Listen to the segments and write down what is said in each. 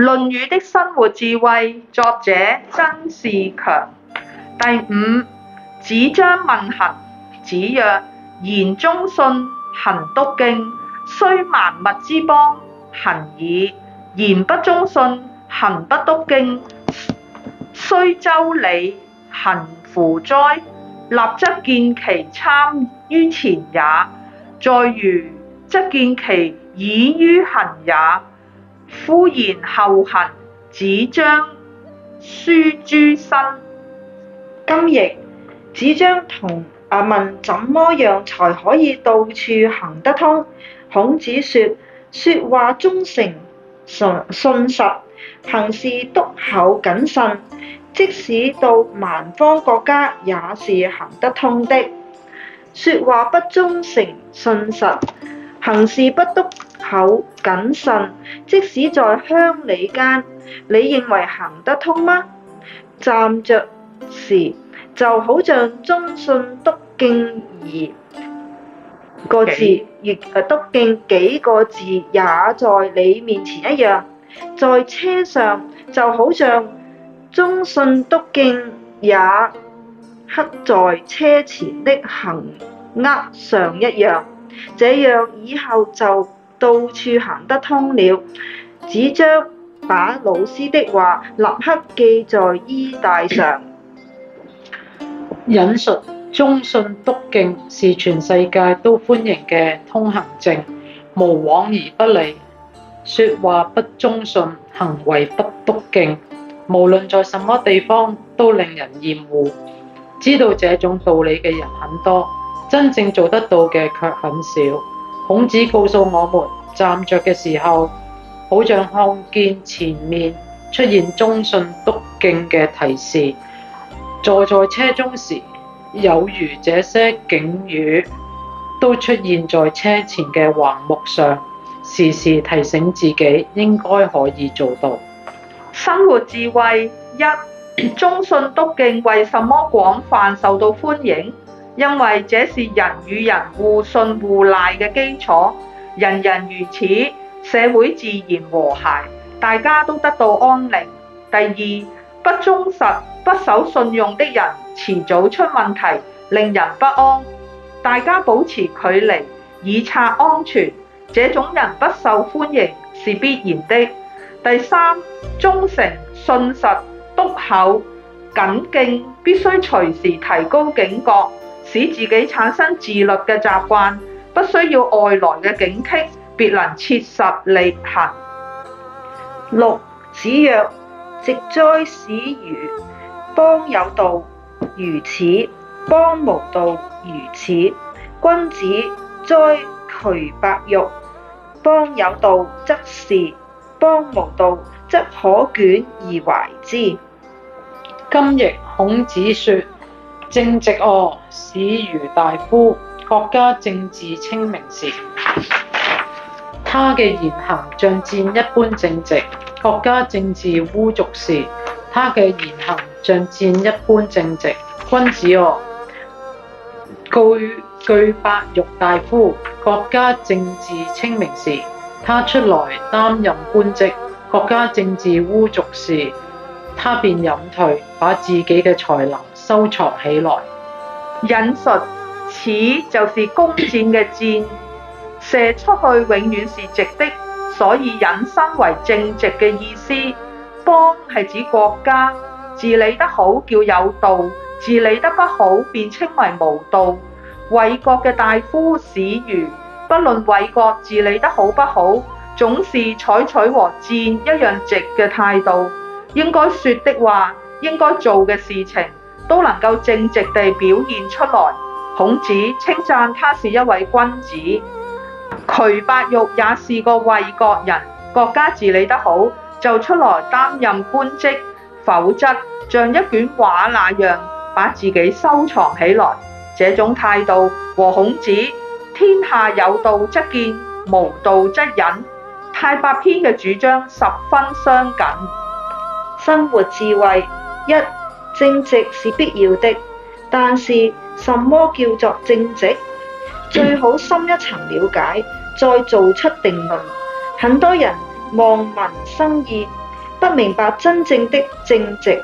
《論語》的生活智慧，作者曾仕強。第五，子張問行，子曰：言忠信，行篤敬，雖蠻貊之邦，行矣；言不忠信，行不篤敬，雖州里，行乎哉？立則見其參於前也，在輿則見其倚於衡也。呼言後行，子張、書諸紳、今譯、子張同啊、啊、問，怎麼樣才可以到處行得通？孔子說：說話忠誠、信信實，行事篤厚謹慎，即使到蠻方國家也是行得通的。說話不忠誠、信實。行事不篤口，謹慎。即使在鄉里間，你認為行得通嗎？站着時，就好像忠信篤敬二個字，篤敬幾個字也在你面前一樣。在車上，就好像忠信篤敬也刻在車前的橫額上一樣。這樣以後就到處行得通了。子張把老師的話立刻記在衣帶上 引述忠信篤敬是全世界都歡迎嘅通行證，無往而不利。說話不忠信，行為不篤敬，無論在什麼地方都令人厭惡。知道這種道理嘅人很多。真正做得到嘅卻很少。孔子告訴我們，站着嘅時候，好像看見前面出現忠信篤敬嘅提示；坐在車中時，有如這些警語都出現在車前嘅橫木上，時時提醒自己應該可以做到。生活智慧一：忠信篤敬為什麼廣泛受到歡迎？因為這是人與人互信互賴嘅基礎，人人如此，社會自然和諧，大家都得到安寧。第二，不忠實、不守信用的人，遲早出問題，令人不安。大家保持距離，以策安全。這種人不受歡迎是必然的。第三，忠誠、信實、篤厚、謹敬，必須隨時提高警覺。使自己產生自律嘅習慣，不需要外來嘅警惕，便能切實力行。六子曰：「直哉史魚！邦有道，如此；邦無道，如此。如此君子哉，蘧伯玉。邦有道，則仕；邦無道，則可卷而懷之。」今亦孔子說。正直哦，史魚大夫，國家政治清明時，他嘅言行像箭一般正直；國家政治污濁時，他嘅言行像箭一般正直。君子哦，蘧蘧伯玉大夫，國家政治清明時，他出來擔任官職；國家政治污濁時，他便隱退，把自己嘅才能收藏起來。隱術，矢就是弓箭嘅箭，射出去永遠是直的，所以引申為正直嘅意思。邦係指國家，治理得好叫有道，治理得不好便稱為無道。衛國嘅大夫史魚，不論衛國治理得好不好，總是採取和箭一樣直嘅態度。應該說的話，應該做嘅事情都能夠正直地表現出來。孔子稱讚他是一位君子。蘧伯玉也是個衛國人，國家治理得好就出來擔任官職，否則像一卷畫那樣把自己收藏起來。這種態度和孔子“天下有道則見，無道則隱”《泰伯篇》嘅主張十分相近。生活智慧，一、正直是必要的，但是什麼叫做正直？最好深一層了解再做出定論。很多人望文生義，不明白真正的正直，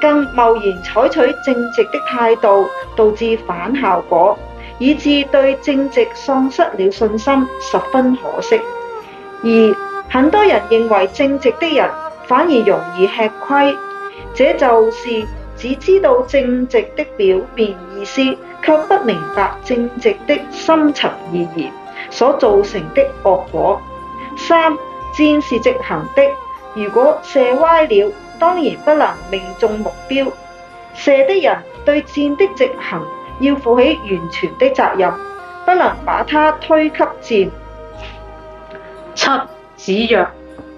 更貿然採取正直的態度，導致反效果，以致對正直喪失了信心，十分可惜。二、很多人認為正直的人，反而容易吃虧，這就是只知道正直的表面意思，卻不明白正直的深層意義所造成的惡果。三、箭是直行的，如果射歪了，當然不能命中目標。射的人對箭的直行要負起完全的責任，不能把它推給箭。七、子曰：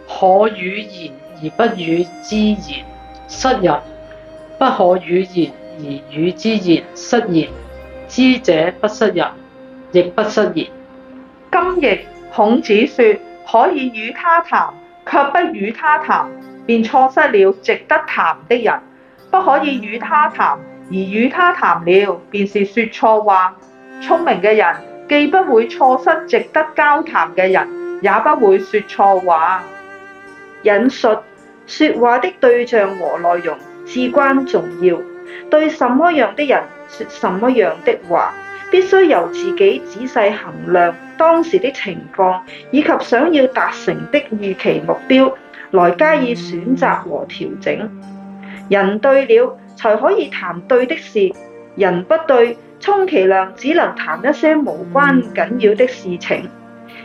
可與言。而不與之言，失人；不可與言而與之言，失言。知者不失人，亦不失言。今譯，孔子說，可以與他談，卻不與他談，便錯失了值得談的人；不可以與他談，而與他談了，便是說錯話。聰明嘅人既不會錯失值得交談嘅人，也不會說錯話。引述。說話的對象和內容至關重要，對什麼樣的人說什麼樣的話，必須由自己仔細衡量當時的情況以及想要達成的預期目標來加以選擇和調整。人對了，才可以談對的事；人不對，充其量只能談一些無關緊要的事情。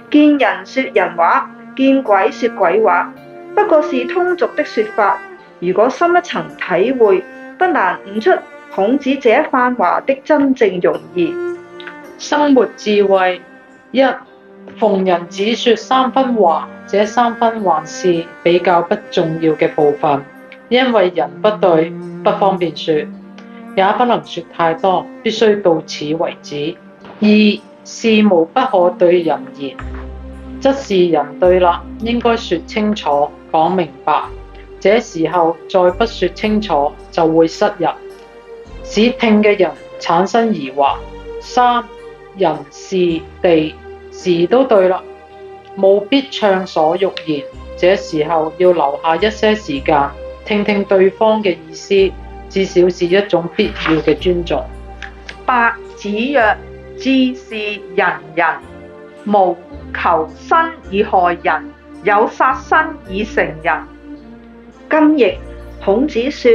見人說人話，見鬼說鬼話。不過是通俗的說法，如果深一層體會，不難悟出孔子這一番話的真正用意。生活智慧一，逢人只説三分話，這三分還是比較不重要嘅部分，因為人不對，不方便説，也不能説太多，必須到此為止。二，事無不可對人言。則是人對啦，應該説清楚、講明白。這時候再不説清楚，就會失人，使聽嘅人產生疑惑。三，人事地時都對啦，務必暢所欲言。這時候要留下一些時間，聽聽對方嘅意思，至少是一種必要嘅尊重。八，子曰：知是人人。無求生以害仁，有殺身以成仁。今譯孔子說：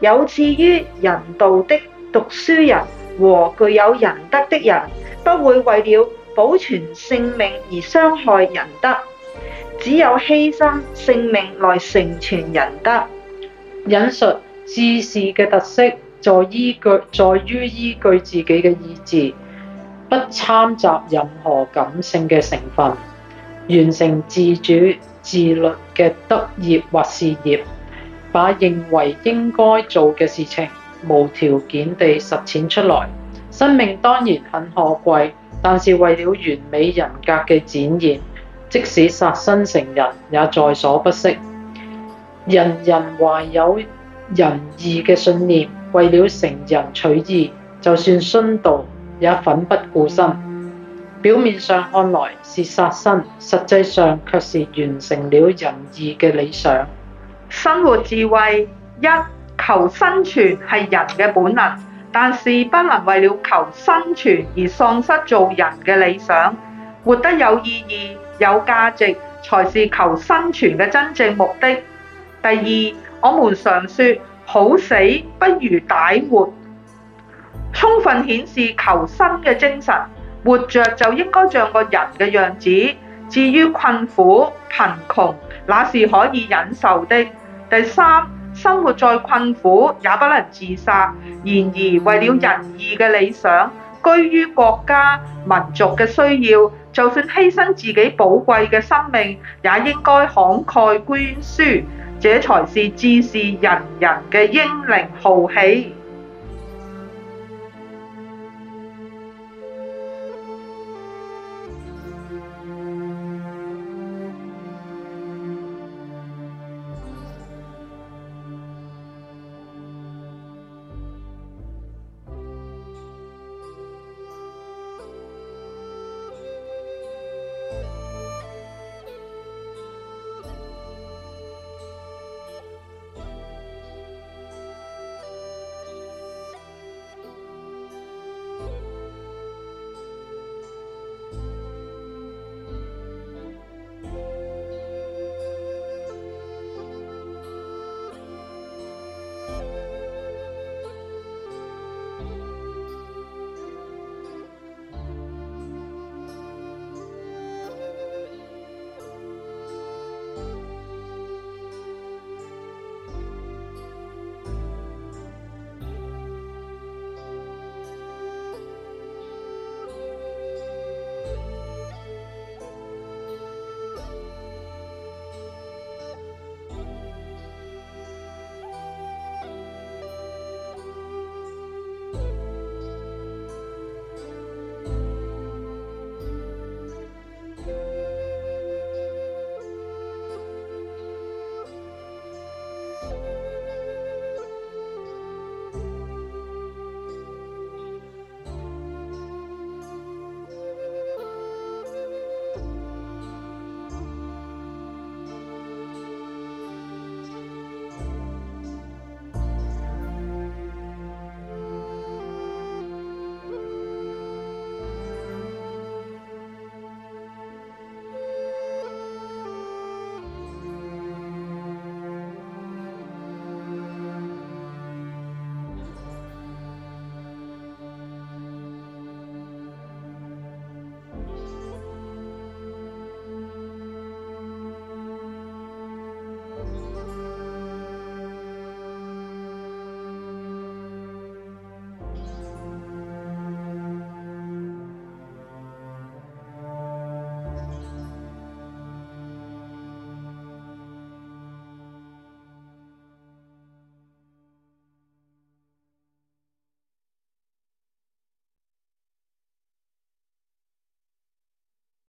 有志於仁道的讀書人和具有仁德的人，不會為了保存性命而傷害仁德，只有犧牲性命來成全仁德。引述志士嘅特色，在依據，在於依據自己嘅意志。不參雜任何感性嘅成分，完成自主自律嘅德業或事業，把認為應該做嘅事情無條件地實踐出來。生命當然很可貴，但是為了完美人格嘅展現，即使殺身成仁也在所不惜。人人懷有仁義嘅信念，為了成仁取義，就算殉道，也奮不顧身，表面上看來是殺身，實際上卻是完成了仁義嘅理想。生活智慧一，求生存係人嘅本能，但是不能為了求生存而喪失做人嘅理想，活得有意義、有價值，才是求生存嘅真正目的。第二，我們常説好死不如歹活。充分顯示求生嘅精神，活着就應該像個人嘅樣子。至於困苦貧窮，那是可以忍受的。第三，生活在困苦也不能自殺。然而，為了仁義嘅理想，居於國家民族嘅需要，就算犧牲自己寶貴嘅生命，也應該慷慨捐輸，這才是志士仁人嘅英靈豪氣。